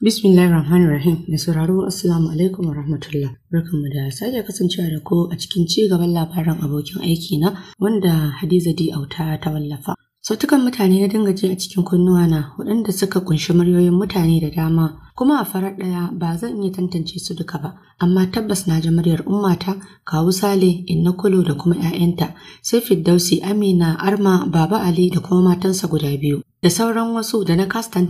Bismillahir Rahmanir Rahim mai sauraro Assalamu alaikum wa rahmatullah. Barkanmu da sake kasancewa da ku a cikin ci gaban labaran abokin aiki na wanda Hadiza D Auta ta wallafa. Sautukan mutane na dinga ji a cikin kunnuwana waɗanda suka kunshi muryoyin mutane da dama kuma a farar ɗaya ba zan iya tantance su duka ba amma tabbas na ji muryar ummata kawu sale inna kulo da kuma 'ya'yanta sai Fiddausi, amina arma baba ali da kuma matansa guda biyu da sauran wasu da na kasa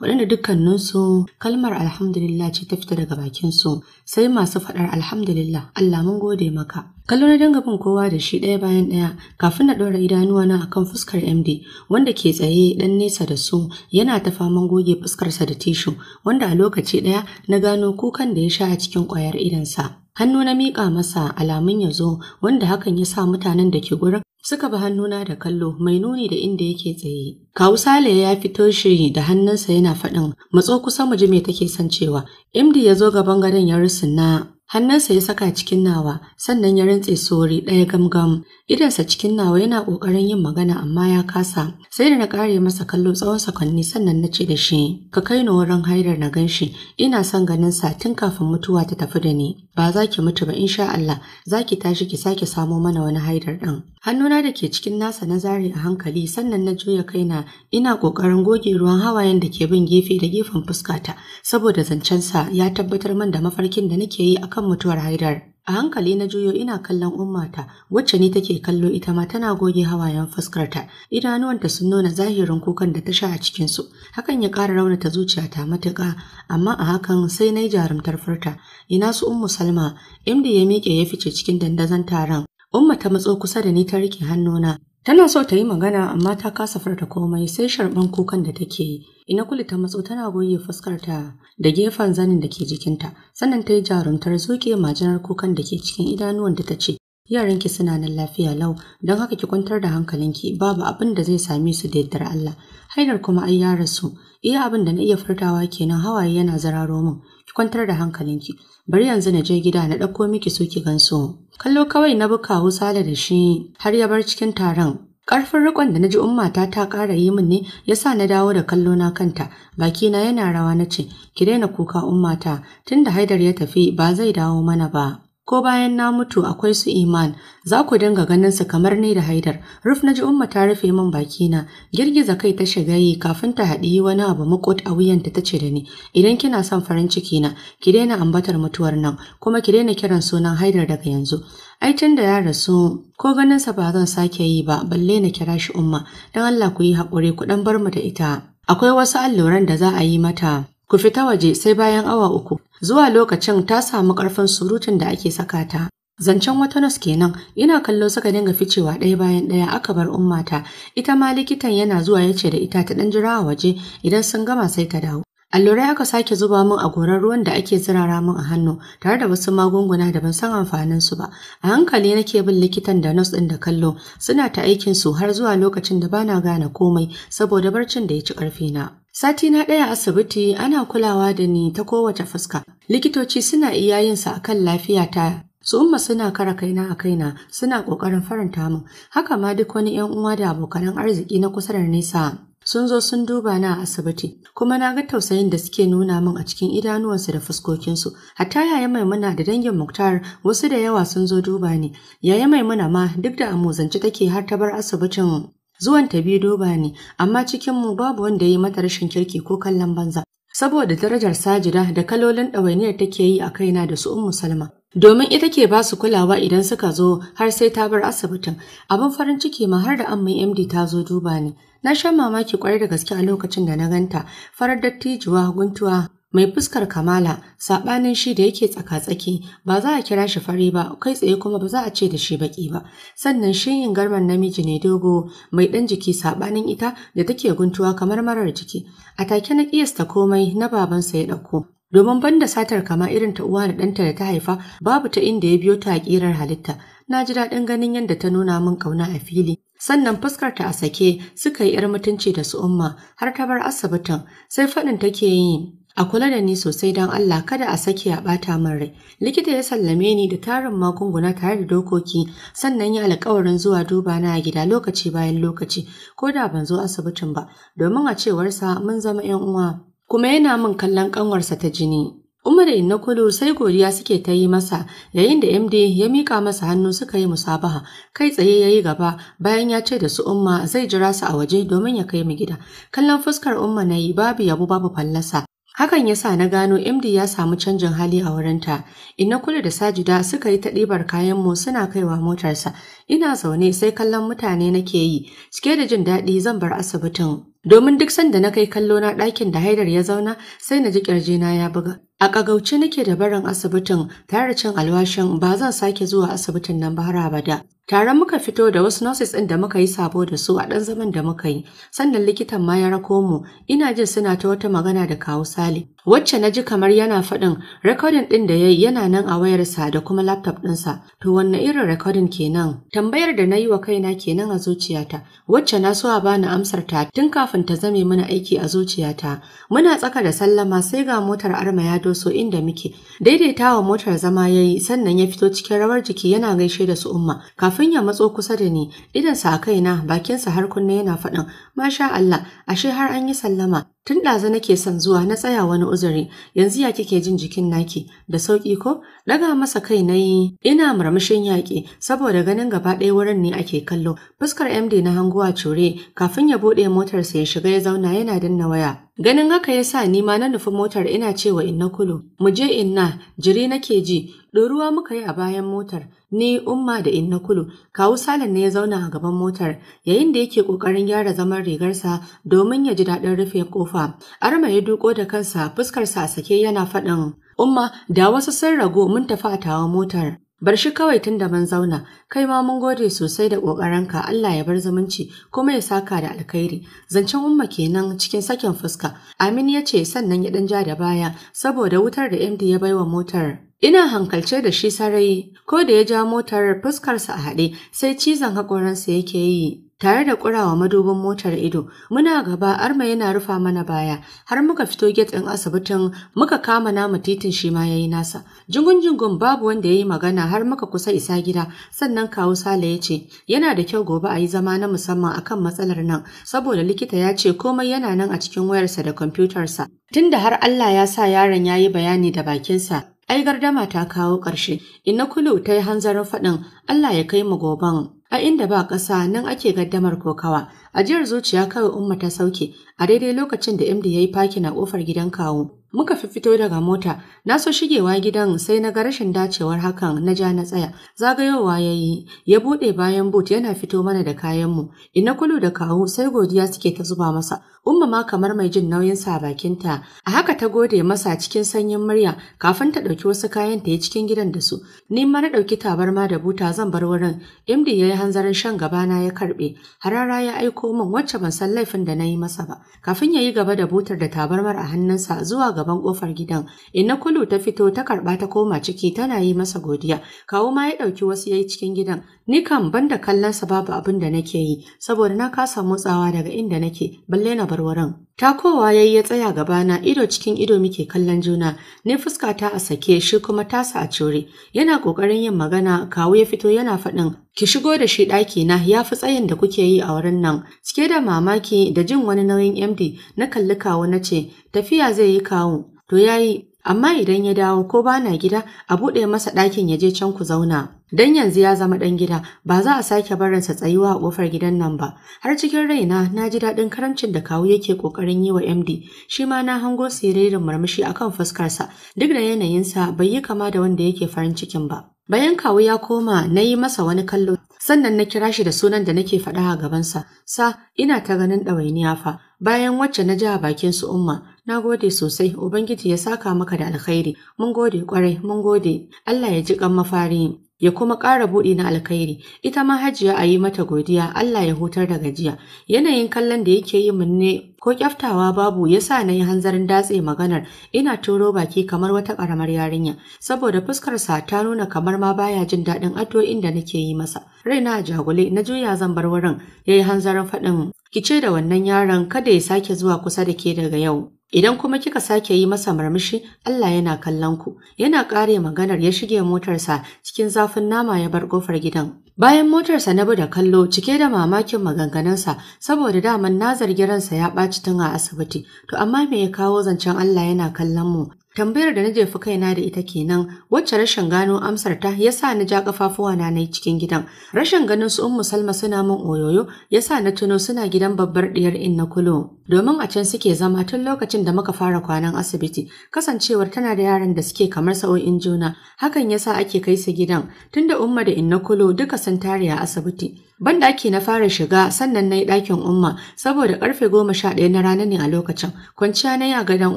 waɗanda dukkaninsu kalmar alhamdulillah ce ta fita daga bakinsu sai masu faɗar alhamdulillah Allah mun gode maka. Kallo na dinga bin kowa da shi ɗaya bayan ɗaya kafin na ɗora idanuwana akan fuskar MD wanda ke tsaye ɗan nesa da su yana ta faman goge fuskarsa da tishu wanda a lokaci ɗaya na gano kukan da ya sha a cikin ƙwayar idansa. Hannu na miƙa masa alamun ya zo wanda hakan ya sa mutanen da ke gurin suka bi hannuna da kallo mai nuni da inda yake tsaye. Kawu Sale ya fito shi da hannunsa yana faɗin matso kusa mu ji me take son cewa. Imdi ya zo gaban gadon ya na Hannunsa ya saka cikin nawa, sannan ya rintse sori ɗaya gamgam. Idansa cikin nawa yana ƙoƙarin yin magana amma ya kasa. Sai da na ƙare masa kallo tsawon sakonni sannan na ce da shi, ka kai ni wurin haidar na gan shi, ina son ganin sa tun kafin mutuwa ta tafi da ni. Ba za ki mutu ba insha Allah, za ki tashi ki sake samo mana wani haidar ɗin. Hannuna da ke cikin nasa na zare a hankali sannan na juya kaina ina ƙoƙarin goge ruwan hawayen da ke bin gefe da gefen fuskata saboda zancensa ya tabbatar min da mafarkin da nake yi a Kan mutuwar haidar a hankali na juyo ina kallon ummata wacce ni take kallo ita ma tana goge hawayen fuskarta idanuwanta sun nuna zahirin kukan da ta sha a cikinsu hakan ya ƙara raunata zuciyata matuƙa amma a hakan sai na yi jarumtar furta ina su ummu salma inda ya miƙe ya fice cikin dandazon taron umma ta matso kusa da ni ta riƙe hannuna Tana so ta yi magana amma ta kasa farta komai sai sharban kukan da take yi. Ina kuli ta matso tana goye ta. da gefen zanin da ke jikinta, sannan ta yi jarumtar zuke majinar kukan da ke cikin idanuwan da ta ce, Yaran ki suna nan lafiya lau, don haka ki kwantar da hankalinki babu abin da zai same su da yaddar Allah. Haidar kuma ai ya rasu, iya abin da na iya furtawa kenan hawaye yana zararo min, ki kwantar da hankalinki. Bari yanzu na je gida na ɗauko miki so ki gan su. Kallo kawai na bukawu sale da shi har ya bar cikin taron. karfin rikon da na ji ummata ta ƙara yi min ne ya sa na dawo da kallo na kanta, bakina yana rawa na ce, ki daina kuka ummata, tunda Haidar ya tafi ba zai dawo mana ba. ko bayan na mutu akwai su iman za ku dinga ganin su kamar ni da haidar ruf na ji umma ta rufe min baki na girgiza kai ta shiga yi kafin ta haɗi wani abu makot a wuyanta ta ce da ni idan kina son farin ciki na ki daina ambatar mutuwar nan kuma ki daina kiran sunan haidar daga yanzu ai tun da ya rasu ko ganin sa ba zan sake yi ba balle na kira shi umma dan Allah ku yi haƙuri ku dan bar mu da ita akwai wasu alluran da za a yi mata Ku fita waje sai bayan awa uku. Zuwa lokacin ta samu ƙarfin surutun da ake sakata. Zancen wata nas kenan ina kallo suka dinga ficewa ɗaya bayan ɗaya aka bar ummata ita ma likitan yana zuwa ya ce da ita ta ɗan jira waje idan sun gama sai ta dawo Allurai aka sake zuba min a gorar ruwan da ake zirara min a hannu tare da wasu magunguna da ban san amfanin su ba. A hankali nake bin likitan da nurse ɗin da kallo suna ta aikin su har zuwa lokacin da bana gane komai saboda barcin da ya ci karfi na. Sati na ɗaya asibiti ana kulawa da ni ta kowace fuska. Likitoci suna iya yin sa akan lafiyata su umma suna kara kaina a kaina suna ƙoƙarin faranta min haka ma duk wani yan uwa da abokanan arziki na kusa da nesa sun zo sun duba na a asibiti kuma na ga tausayin da suke nuna min a cikin idanuwansu da fuskokinsu hatta yaya maimuna da dangin muktar wasu da yawa sun zo duba ni yaya maimuna ma duk da amuzance take har ta bar asibitin zuwan ta biyu duba ni amma cikin mu babu wanda ya yi mata rashin kirki ko kallon banza saboda darajar sajida da kalolin ɗawainiyar take yi a kaina da su ummu salma domin ita ke ba su kulawa idan suka zo har sai ta bar asibitin abin farin ciki ma har da amman md ta zo duba ni Na sha mamaki kwarai da gaske a lokacin da na ganta, farar dattijuwa guntuwa mai fuskar kamala saɓanin shi da yake tsaka-tsaki ba za a kira shi fari ba kai tsaye kuma ba za a ce da shi baki ba sannan shiyin garman namiji ne dogo mai ɗan jiki saɓanin ita da take guntuwa kamar marar jiki a take na kiyasta komai na babansa ya ɗauko. domin banda satar kama irin ta uwa da ɗanta da ta haifa babu ta inda ya biyo ta a ƙirar halitta na ji daɗin ganin yadda ta nuna min ƙauna a fili sannan fuskarta a sake suka yi 'yar mutunci da su umma har ta bar asibitin sai faɗin take yi a kula da ni sosai don Allah kada a sake a ɓata min rai. Likita ya sallame ni da tarin magunguna tare da dokoki sannan ya alkawarin zuwa duba na a gida lokaci bayan lokaci ko da ban zo asibitin ba domin a cewarsa mun zama 'yan uwa. Kuma yana min kallon ƙanwarsa ta jini. Umar da Inna sai godiya suke ta yi masa yayin da MD ya mika masa hannu suka yi musabaha kai tsaye ya yi gaba bayan ya ce da su Umma zai jira su a waje domin ya kai mu gida. Kallon fuskar Umma na yi babu yabo babu fallasa. Hakan ya sa na gano MD ya samu canjin hali a wurinta. Inna da Sajida suka yi ta ɗibar kayan mu suna kaiwa motarsa. Ina zaune sai kallon mutane nake yi. Cike da jin daɗi zan bar asibitin. Domin duk sanda na kai kallo na ɗakin da Haidar ya zauna sai na ji ƙirjina ya buga. A ƙagauce nake da barin asibitin tare da cin alwashin ba zan sake zuwa asibitin nan ba har abada. Tare muka fito da wasu nurses ɗin da muka yi sabo da su a ɗan zaman da muka yi, sannan likitan ma ya rako mu, ina jin suna ta wata magana da kawo Sale. Wacce na ji kamar yana faɗin rekodin ɗin da ya yi yana nan a wayarsa da kuma laptop ɗinsa, to wanne irin rekodin kenan? Tambayar da na yi wa kaina kenan a zuciyata, wacce na so a bani amsar ta tun kafin ta zame mana aiki a zuciyata. Muna tsaka da sallama sai ga motar arma ya doso inda muke, daidaitawa motar zama ya yi sannan ya fito cikin rawar jiki yana gaishe da su umma, kafin ya matso kusa da ni idansa a kaina bakinsa har kunne yana faɗin masha Allah ashe har an yi sallama Tun ɗazu nake son zuwa na tsaya wani uzuri, yanzu ya kike jin jikin naki, da sauƙi ko? Ɗaga masa kai na yi, ina murmushin yaƙi, saboda ganin gaba ɗaya wurin ne ake kallo. Fuskar MD na hanguwa cure, kafin ya buɗe motarsa ya shiga ya zauna yana danna waya. Ganin haka ya sa ni ma na nufi motar ina cewa inna kulu. Mu je inna, jiri nake ji, ɗoruwa muka yi a bayan motar. Ni umma da inna kulu, kawu salin ne ya zauna a gaban motar, yayin da yake ƙoƙarin gyara zaman rigarsa domin ya ji daɗin rufe ƙofa. kofa. Arma ya duko da kansa fuskarsa a sake yana faɗin. Umma da wasu sun rago mun tafi a tawa motar. Bar shi kawai tun da ban zauna, kai ma mun gode sosai da ƙoƙarinka Allah ya bar zumunci kuma ya saka da alkhairi. Zancen umma kenan cikin sakin fuska. Amin ya ce sannan ya ɗan ja da baya saboda wutar da MD ya baiwa motar. Ina hankalce da shi sarai, ko da ya ja motar fuskarsa a haɗe sai cizon haƙoransa yake yi. tare da kurawa madubin motar ido muna gaba arma yana rufa mana baya har muka fito get din asibitin muka kama namu titin shi ma yayi nasa jingun jingun babu wanda yayi magana har muka kusa isa gida sannan kawu sale ya ce yana da kyau gobe a yi zama na musamman akan matsalar nan saboda likita ya ce komai yana nan a cikin wayarsa da kwamfutarsa tunda har Allah ya sa yaron ya yi bayani da bakinsa ai gardama ta kawo ƙarshe ina kulu ta hanzarin faɗin Allah ya kai mu goban A inda ba ƙasa nan ake gaddamar kokawa, Ajiyar zuciya kawai Umma ta sauke a daidai lokacin da MD ya yi fakin a ƙofar gidan kawo. Muka fi fito daga mota, na so shigewa gidan sai na ga rashin dacewar hakan na ja na tsaya. Zagayowa ya yi, ya buɗe bayan boot yana fito mana da kayanmu. Ina kulu da kawo sai godiya suke ta zuba masa. Umma ma kamar mai jin nauyin sa bakinta. A haka ta gode masa cikin sanyin murya kafin ta ɗauki wasu kayan ta yi cikin gidan da su. Ni ma na ɗauki tabarma da buta zan bar wurin. MD ya yi hanzarin shan gabana ya karɓe. Harara ya aiko ɗauko wacce ban san laifin da na yi masa ba. Kafin ya yi gaba da butar da tabarmar a hannunsa zuwa gaban ƙofar gidan, inna kulu ta fito ta karɓa ta koma ciki tana yi masa godiya. Kawo ma ya ɗauki wasu ya yi cikin gidan. Ni kan banda da kallonsa babu abin da nake yi, saboda na kasa motsawa daga inda nake, balle na bar wurin. Takowa yayi ya tsaya gabana ido cikin ido muke kallon juna, ne ta a sake shi kuma tasa a cure. Yana ƙoƙarin yin magana, kawo ya fito yana faɗin, ki shigo da shi ɗaki na ya fi tsayin da kuke yi a wurin nan. Cike da mamaki da jin wani nauyin MD na kalli kawo na ce, tafiya zai yi kawo. To yayi, amma idan ya dawo ko bana gida a buɗe masa ɗakin ya je can ku zauna. Dan yanzu ya zama ɗan gida, ba za a sake barinsa tsayuwa a ƙofar gidan nan ba. Har cikin raina na ji daɗin karamcin da kawu yake ƙoƙarin yi wa MD, shi ma na hango siririn murmushi akan fuskarsa, duk da yanayinsa bai yi kama da wanda yake farin cikin ba. Bayan kawu ya koma na yi masa wani kallo, sannan na kira shi da sunan da nake faɗa a gabansa, sa ina ta ganin ɗawainiya fa, bayan wacce na ji a bakin su umma, Na gode sosai, Ubangiji ya saka maka da alkhairi. Mun gode kwarai, mun gode. Allah ya ji kan mafari. ya kuma ƙara buɗe na alkhairi ita ma hajiya a yi mata godiya Allah ya hutar da gajiya yanayin kallon da yake yi min ne ko kyaftawa babu ya sa na yi hanzarin datse maganar ina turo baki kamar wata ƙaramar yarinya saboda fuskarsa ta nuna kamar ma baya jin daɗin addu'o'in da nake yi masa raina a jagule na juya zan bar wurin ya yi hanzarin faɗin ki ce da wannan yaron kada ya sake zuwa kusa da ke daga yau Idan kuma kika sake yi masa murmushi, Allah yana kallon ku. Yana ƙare maganar ya shige motarsa cikin zafin nama ya bar ƙofar gidan. Bayan motarsa na bi da kallo cike da mamakin maganganunsa saboda daman na zargi ransa ya ɓaci tun a asibiti. To amma me ya kawo zancen Allah yana kallon mu? Tambayar da na jefi kaina da ita kenan, wacce rashin gano amsar ta ya sa na ja kafafuwa na nai cikin gidan. Rashin ganin su Ummu Salma suna min oyoyo ya sa na tuno suna gidan babbar ɗiyar Inna Kulo. Domin a can suke zama tun lokacin da muka fara kwanan asibiti, kasancewar tana da yaran da suke kamar sa'o'in juna, hakan ya sa ake kai su gidan, tunda Umma da Inna Kulo duka sun tare a asibiti. Ban Banɗaki na fara shiga sannan na yi ɗakin umma saboda ƙarfe goma sha ɗaya na rana ne a lokacin. Kwanciya na yi a gadon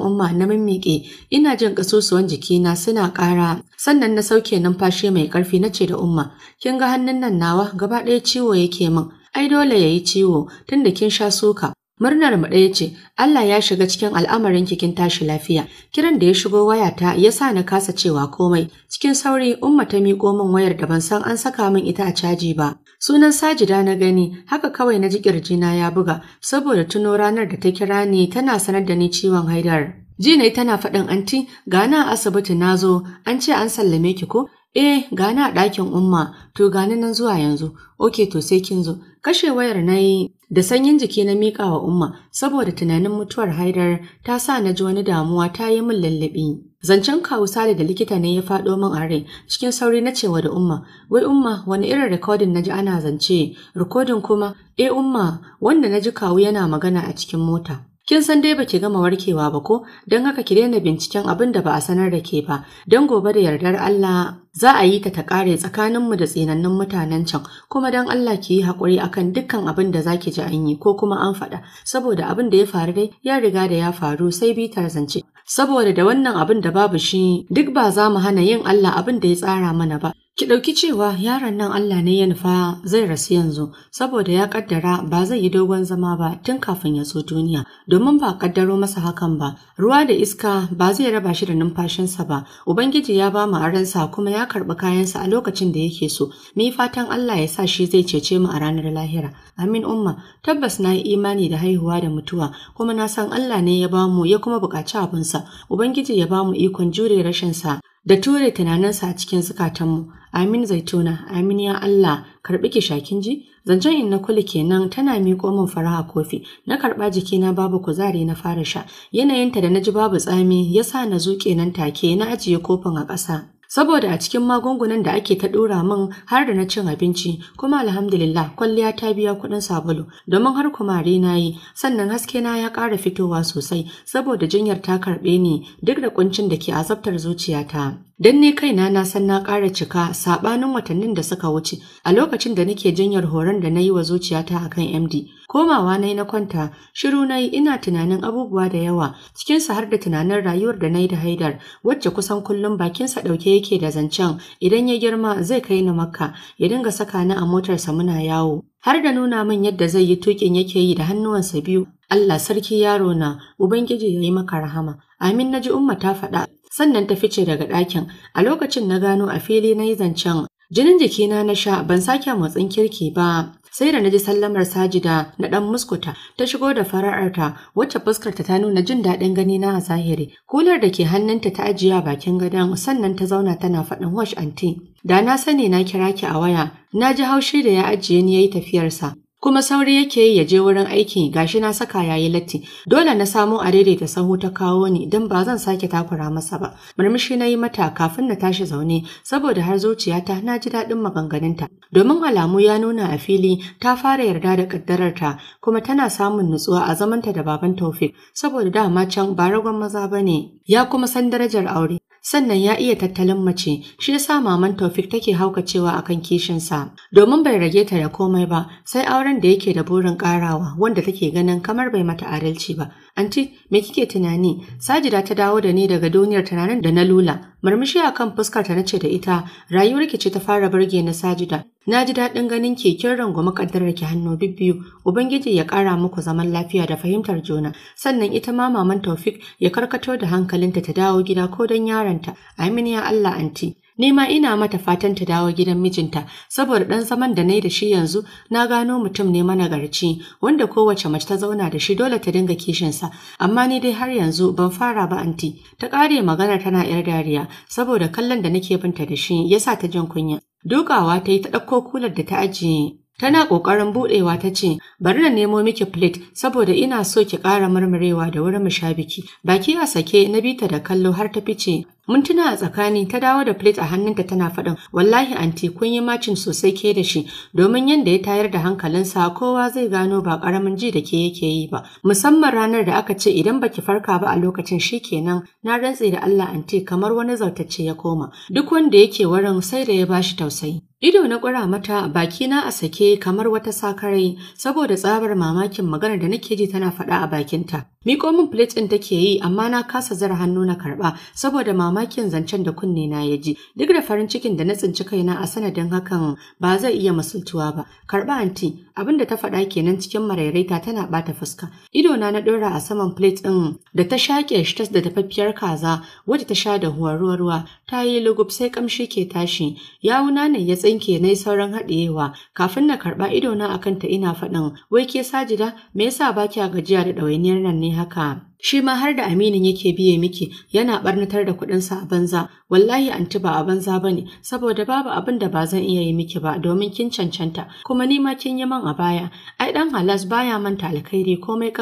umma na mimmiƙe ina jin ƙasusuwan jikina suna ƙara sannan na sauke numfashi mai ƙarfi na ce da umma. Kin ga hannun nan nawa gaba ɗaya ciwo yake min. Ai dole ya yi ciwo da kin sha suka. Murnar mu ɗaya ce, Allah ya shiga cikin al'amarin kin tashi lafiya. Kiran da ya shigo wayata ya sa na kasa cewa komai. Cikin sauri, Umma ta miƙo min wayar da ban san an saka min ita a caji ba. Sunan Sajida na gani, haka kawai na ji ƙirjina ya buga, saboda tuno ranar da ta kira ni tana sanar da ni ciwon haidar. Ji na tana faɗin anti, gana a asibiti na zo, an ce an sallame ki ko? Eh, gana a ɗakin umma, to gani nan zuwa yanzu, oke to sai kin zo. Kashe wayar na yi da sanyin jiki na miƙa wa umma, saboda tunanin mutuwar haidar ta sa na ji wani damuwa ta yi min lallabi. Zancen kawu Sale da likita ne ya faɗo min a rai cikin sauri na cewa da Umma, wai Umma wani irin rikodin na ji ana zance, rikodin kuma, e Umma wanda na ji kawu yana magana a cikin mota. Kin san dai baki gama warkewa ba ko, don haka ki daina binciken abin da ba a sanar da ke ba, don gobe da yardar Allah za a yi ta ta kare tsakaninmu da tsinannun mutanen can, kuma don Allah ki yi haƙuri akan dukkan abin da za ki ji an yi ko kuma an faɗa, saboda abin da ya faru dai ya riga da ya faru sai bitar zance. saboda da wannan abin da babu shi duk ba za mu hana yin Allah abin da ya tsara mana ba Ki ɗauki cewa yaron nan Allah ne ya nufa zai rasu yanzu saboda ya ƙaddara ba zai yi dogon zama ba tun kafin ya zo duniya domin ba kaddaro masa hakan ba ruwa da iska ba zai raba shi da numfashinsa ba ubangiji ya ba mu aransa kuma ya karɓi kayansa a lokacin da yake so mu fatan Allah ya sa shi zai cece mu a ranar lahira amin umma tabbas na yi imani da haihuwa da mutuwa kuma na san Allah ne ya ba mu ya kuma buƙaci abinsa ubangiji ya ba mu ikon jure rashinsa da ture tunaninsa a cikin zukatanmu Amin zaituna, amin ya Allah, karɓi ki shakin ji? Zancen in na kuli kenan tana miƙo min faraha kofi, na karɓa jikina babu kuzari na fara sha, yanayinta da na ji babu tsami ya sa na zuƙe nan take na ajiye kofin a ƙasa. Saboda a cikin magungunan da ake ta ɗora min har da na cin abinci, kuma alhamdulillah kwalliya ta biya kuɗin sabulu, domin har kumare na yi, sannan haske na ya ƙara fitowa sosai, saboda jinyar ta karɓe ni duk da kuncin da ke azabtar zuciyata. Dan ne kaina na san na ƙara cika saɓanin watannin da suka wuce a lokacin da nake jinyar horon da na yi wa zuciyata a kan MD. Komawa na yi na kwanta, shiru na yi ina tunanin abubuwa da yawa, cikinsa har da tunanin rayuwar da na yi da Haidar, wacce kusan kullum bakinsa ɗauke yake da zancen idan ya girma zai kai ni makka, ya dinga saka ni a motarsa muna yawo. Har da nuna min yadda zai yi tukin yake yi da hannuwansa biyu Allah sarki yaro na Ubangiji ya yi maka rahama. Amin na ji Umma ta faɗa sannan ta fice daga ɗakin a lokacin na gano a fili na yi zancen jinin jikina na sha ban sake motsin kirki ba sai da na ji sallamar sajida na ɗan muskuta ta shigo da fara'arta wacce fuskarta ta nuna jin daɗin gani na a zahiri kular da ke hannunta ta ajiya bakin gadon sannan ta zauna tana faɗin wash anti da na sani na kira ki a waya na ji haushi da ya ajiye ni ya yi tafiyarsa kuma sauri yake yi ya je wurin aiki gashi na saka yayi latti dole na samo a daidaita sahu ta kawo ni don ba zan sake takura masa ba murmushi na yi mata kafin na tashi zaune saboda har zuciyata na ji daɗin maganganunta domin alamu ya nuna a fili ta fara yarda da ƙaddararta kuma tana samun nutsuwa a zamanta da baban Taufik saboda dama can ba ragon maza ba ne. ya kuma san darajar aure sannan ya iya tattalin mace shi yasa maman Taufik take haukacewa akan kishinsa domin bai rage ta da komai ba sai auren da yake da burin karawa wanda take ganin kamar bai mata adalci ba Anti, me kike tunani? Sajida ta dawo da ni daga duniyar tunanin da na lula. Murmushi a kan fuskar ta ce da ita, rayuwar ki ce ta fara burge na Sajida. Na ji daɗin ganin ke kin rangwame kaddarar ki hannu bibbiyu. Ubangiji ya ƙara muku zaman lafiya da fahimtar juna. Sannan ita ma maman Taufik ya karkato da hankalinta ta dawo gida ko don yaronta. Aminiya Allah anti. Ni ma ina mata fatan ta dawo gidan mijinta saboda dan zaman da nayi da shi yanzu na gano mutum ne mana garci wanda kowace mace ta zauna da shi dole ta dinga kishin sa amma ni dai har yanzu ban fara ba anti ta kare magana tana yar dariya saboda kallon da nake binta da shi yasa ta jin kunya. Dukawa ta yi ta ɗauko kular da ta ajiye Tana ƙoƙarin buɗewa ta ce, bari na nemo miki plate saboda ina so ki kara murmurewa da wurin mu sha biki. Baki a sake na bita da kallo har ta fice mintuna a tsakani ta dawo da plate a hannunta tana faɗin wallahi anti kun yi macin sosai ke da shi domin yadda ya tayar da hankalinsa kowa zai gano ba ƙaramin ji da ke yake yi ba musamman ranar da aka ce idan baki farka ba a lokacin shi kenan na rantse da Allah anti kamar wani zautacce ya koma duk wanda yake wurin sai da ya bashi tausayi Ido na ƙura mata bakina a sake kamar wata sakarai saboda tsabar mamakin maganar da nake ji tana faɗa a bakinta. Miƙo min plate ɗin take yi amma na kasa zara hannu na karɓa saboda mama mamakin zancen da kunne na ya ji duk da farin cikin da na tsinci kaina a sanadin hakan ba zai iya masultuwa ba karba anti abin da ta faɗa kenan cikin marairaita tana bata fuska ido na na ɗora a saman plate ɗin da ta shaƙe shi da tafaffiyar kaza wadda ta sha da huwar ruwa ruwa ta yi lugub sai kamshi ke tashi yawuna ne ya tsinke na sauran haɗiyewa kafin na karɓa idona akan ta ina faɗin wai ke sajida me yasa ba kya gajiya da ɗawainiyar nan ne haka Shi ma har da aminin yake biye miki yana barnatar da kuɗinsa a banza, wallahi anti ba a banza ba ne, saboda babu abin da ba zan iya yi miki ba domin kin cancanta, kuma ni ma kin yi man a baya. Ai dan halas baya manta alkhairi komai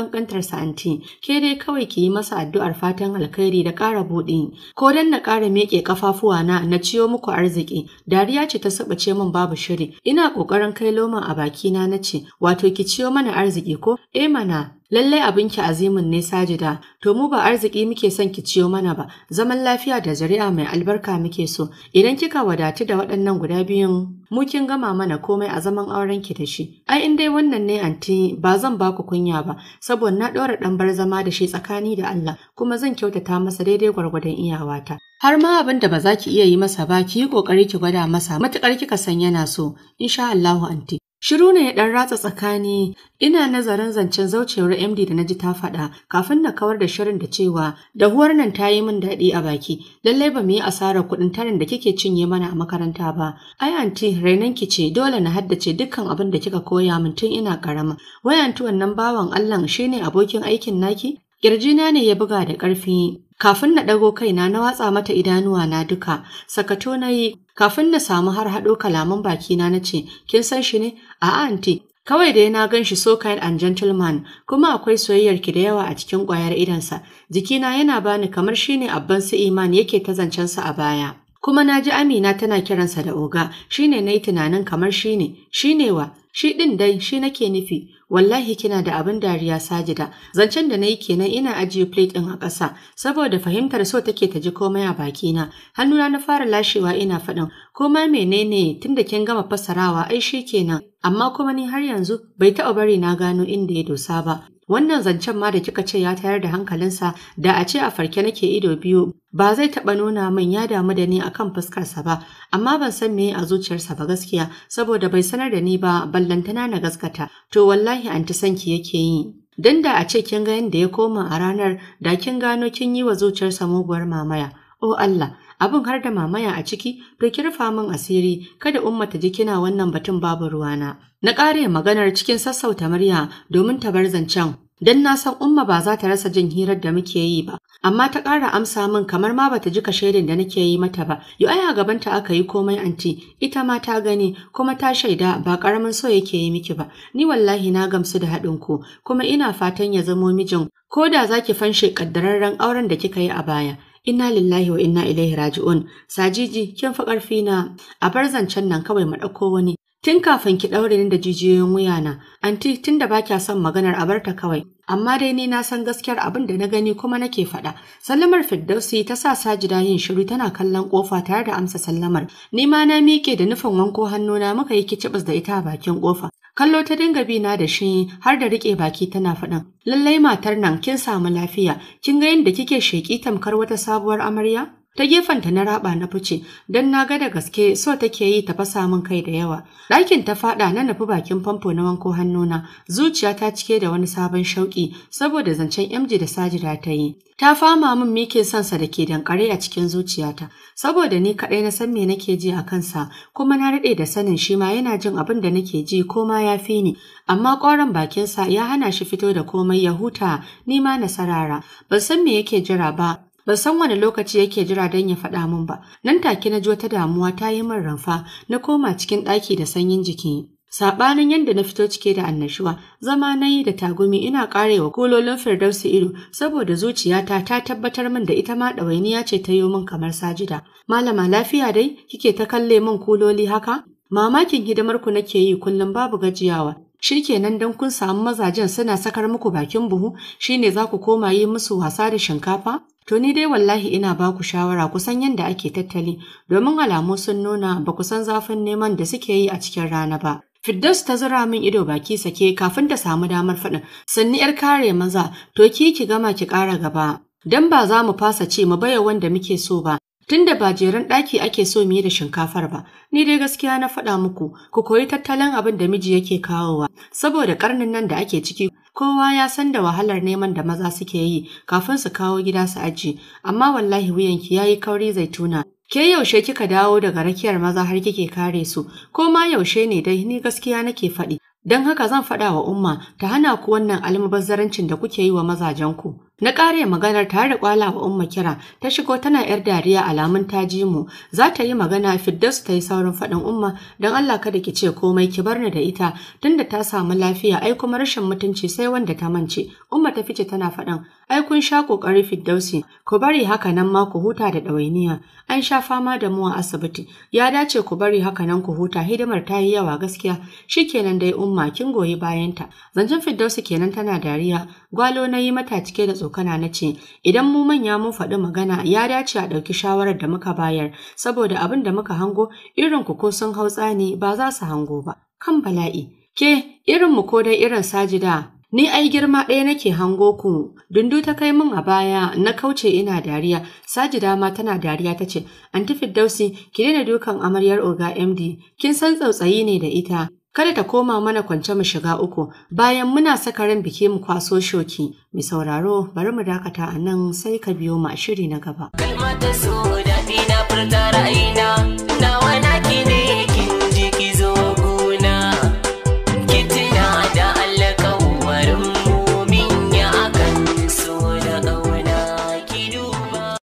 sa anti, ke dai kawai ki yi masa addu'ar fatan alkhairi da ƙara buɗi. Ko dan na ƙara meke kafafuwa na na ciyo muku arziki, dariya ce ta sabace min babu shiri, ina ƙoƙarin kai loman a bakina na ce, wato ki ciyo mana arziki ko? Eh mana, Lallai abinki azimin ne sajida, to mu ba arziki muke son ki ciyo mana ba, zaman lafiya da jari'a mai albarka muke so. Idan kika wadatu da waɗannan guda biyun, mu kin gama mana komai a zaman auren ki da shi. Ai in dai wannan ne anti ba zan ba ku kunya ba, saboda na ɗora ɗan bar zama da shi tsakani da Allah, kuma zan kyautata masa daidai gwargwadon iyawata. Har ma abin da ba za ki iya yi masa ba, ki yi ƙoƙari ki gwada masa, matuƙar kika san yana so, insha Allahu anti. Shiru ne ya ɗan ratsa tsakani, ina nazarin zancen zaucewar MD da na ji ta faɗa kafin na kawar da shirin da cewa dahuwar nan ta yi min daɗi a baki, lallai ba mu yi asarar kuɗin tarin da kike cinye mana a makaranta ba. Ai anti rainan ki ce dole na haddace dukkan abin da kika koya min tun ina ƙarama. Wai anti wannan bawan Allah shine abokin aikin naki? Kirjina ne ya buga da ƙarfi Kafin na ɗago kaina na watsa mata idanuwa na duka, sakato na yi, kafin na samu har haɗo kalaman bakina na ce, kin san shi ne? A'a anti, kawai dai na gan shi so kind and gentleman, kuma akwai soyayyar ki da yawa a cikin ƙwayar idansa. Jikina yana bani kamar shine abban su iman yake ta zancensa a baya. Kuma na ji Amina tana kiransa da oga, shine na yi tunanin kamar shine, shine wa, Shi ɗin dai shi nake nufi, wallahi kina da abin dariya sajida, zancen da na yi kenan ina ajiye plate ɗin a ƙasa, saboda fahimtar so take ta ji komai a bakina, hannuna na fara lashewa ina faɗin, koma menene tun da kin gama fassarawa ai shi kenan. Amma kuma ni har yanzu bai taɓa bari na gano inda ya dosa ba, Wannan zancen ma da kika ce ya tayar da hankalinsa da a ce a farke nake ido biyu ba zai taɓa nuna min ya damu da ni a kan fuskarsa ba, amma ban san me a zuciyarsa ba gaskiya saboda bai sanar da ni ba ballantana na gaskata, to wallahi anti sanki yake yi. Dan da a ce kin ga yadda ya koma a ranar da kin gano kin yi wa zuciyarsa muguwar mamaya, o oh Allah, abin har da mamaya a ciki to ki rufa min asiri kada umma ta ji kina wannan batun babu ruwana na ƙare maganar cikin sassauta murya domin ta bar zancen dan na san umma ba za ta rasa jin hirar da muke yi ba amma ta ƙara amsa min kamar ma bata ji kashedin da nake yi mata ba yo ai a gabanta aka yi komai anti ita ma ta gani kuma ta shaida ba ƙaramin so yake yi miki ba ni wallahi na gamsu da haɗin ku kuma ina fatan ya zamo mijin ko da za ki fanshe ƙaddararren auren da kika yi a baya Inna lillahi wa inna ilaihi raji'un. Sajiji kin fi ƙarfi na a bar zancen nan kawai mu ɗauko wani. Tun kafin ki ɗaure ni da jijiyoyin wuya na. anti tun da ba kya son maganar a barta kawai. Amma dai ni na san gaskiyar abin da na gani kuma nake faɗa. Sallamar Firdausi ta sa Sajida yin shiru tana kallon ƙofa tare da amsa sallamar. Ni ma na miƙe da nufin wanko hannuna muka yi kicibis da ita a bakin ƙofa. kallo ta dinga bi na da shi har da riƙe baki tana faɗin lallai matar nan kin samu lafiya kin ga yadda kike sheƙi tamkar wata sabuwar amarya Ta gefen ta na raba na fice, don na ga da gaske so take yi ta fasa min kai da yawa. Ɗakin ta faɗa na nafi bakin famfo na wanko hannuna, zuciya ta cike da wani sabon shauƙi saboda zancen MJ da Sajira ta yi. Ta fama min mikin sansa da ke dankare a cikin zuciyata, saboda ni kaɗai na san me nake ji a kansa, kuma na daɗe da sanin shi ma yana jin abin da nake ji ko ma ya fi ni, amma ƙoran bakinsa ya hana shi fito da komai ya huta ni ma na sarara, ban san me yake jira ba, ban san wani lokaci yake jira don ya faɗa min ba nan take na ji wata damuwa ta yi min ramfa na koma cikin ɗaki da sanyin jiki Saɓanin yadda na fito cike da annashuwa, zama na yi da tagumi ina karewa kololin firdausi ido saboda zuciyata ta tabbatar min da ita ma ɗawainiya ce ta yi min kamar sajida. Malama lafiya dai kike ta kalle min kololi haka? Mamakin hidimarku nake yi kullum babu gajiyawa. Shikenan don kun samu mazajen suna sakar muku bakin buhu shine za ku koma yi musu wasa da shinkafa? To ni dai wallahi ina ba ku shawara kusan yadda ake tattali domin alamu sun nuna ba kusan zafin neman da suke yi a cikin rana ba. Firdaus ta zura min ido baki sake kafin ta samu damar faɗin sanni ‘yar kare maza to ki ki gama ki ƙara gaba. Don ba za mu fasa ce mu baya wanda muke so ba Tun da ba jeren ɗaki ake so mu yi da shinkafar ba, ni dai gaskiya na faɗa muku, ku koyi tattalin abin da miji yake kawowa, saboda ƙarnin nan da ake ciki kowa ya san da wahalar neman da maza suke yi kafin su kawo gida su aji, amma wallahi wuyanki ya yi kauri zai tuna. Ke yaushe kika dawo daga rakiyar maza har kike kare su, ko ma yaushe ne dai ni gaskiya nake faɗi, Don haka zan faɗa wa umma ta hana ku wannan almubazzarancin da kuke yi wa mazajenku. Na ƙare maganar tare da ƙwala wa umma kira ta shigo tana ‘yar dariya alamun ta ji mu za ta yi magana su ta yi saurin faɗin umma don Allah kada ki ce komai ki bar ni da ita tunda ta samu lafiya ai kuma rashin mutunci sai wanda ta mance. Umma ta fice tana faɗin ai kun sha ƙoƙarin Fiddausi, ku bari haka nan ma ku huta da ɗawainiya, an sha fama da mu a asibiti, ya dace ku bari haka nan ku huta hidimar ta yi yawa gaskiya, shi kenan dai umma kin goyi bayanta. Zancen Fiddausi kenan tana dariya, gwalo na yi mata cike da tsokana na ce, idan mu manya mun faɗi magana ya dace a ɗauki shawarar da muka bayar, saboda abin da muka hango irin ku ko sun hau tsani ba za su hango ba. Kan bala'i, ke irin mu ko dai irin sajida Ni ai girma ɗaya nake hango ku, dundu ta kai min a baya na kauce ina dariya, saji dama tana dariya ta ce, Anti Firdausi, ki daina dukan amaryar Oga MD, kin san tsautsayi ne da ita, kada ta koma mana kwance mu shiga uku bayan muna saka ran biki mu kwaso shoki mai sauraro bari mu dakata a nan sai ka biyo ma shiri na gaba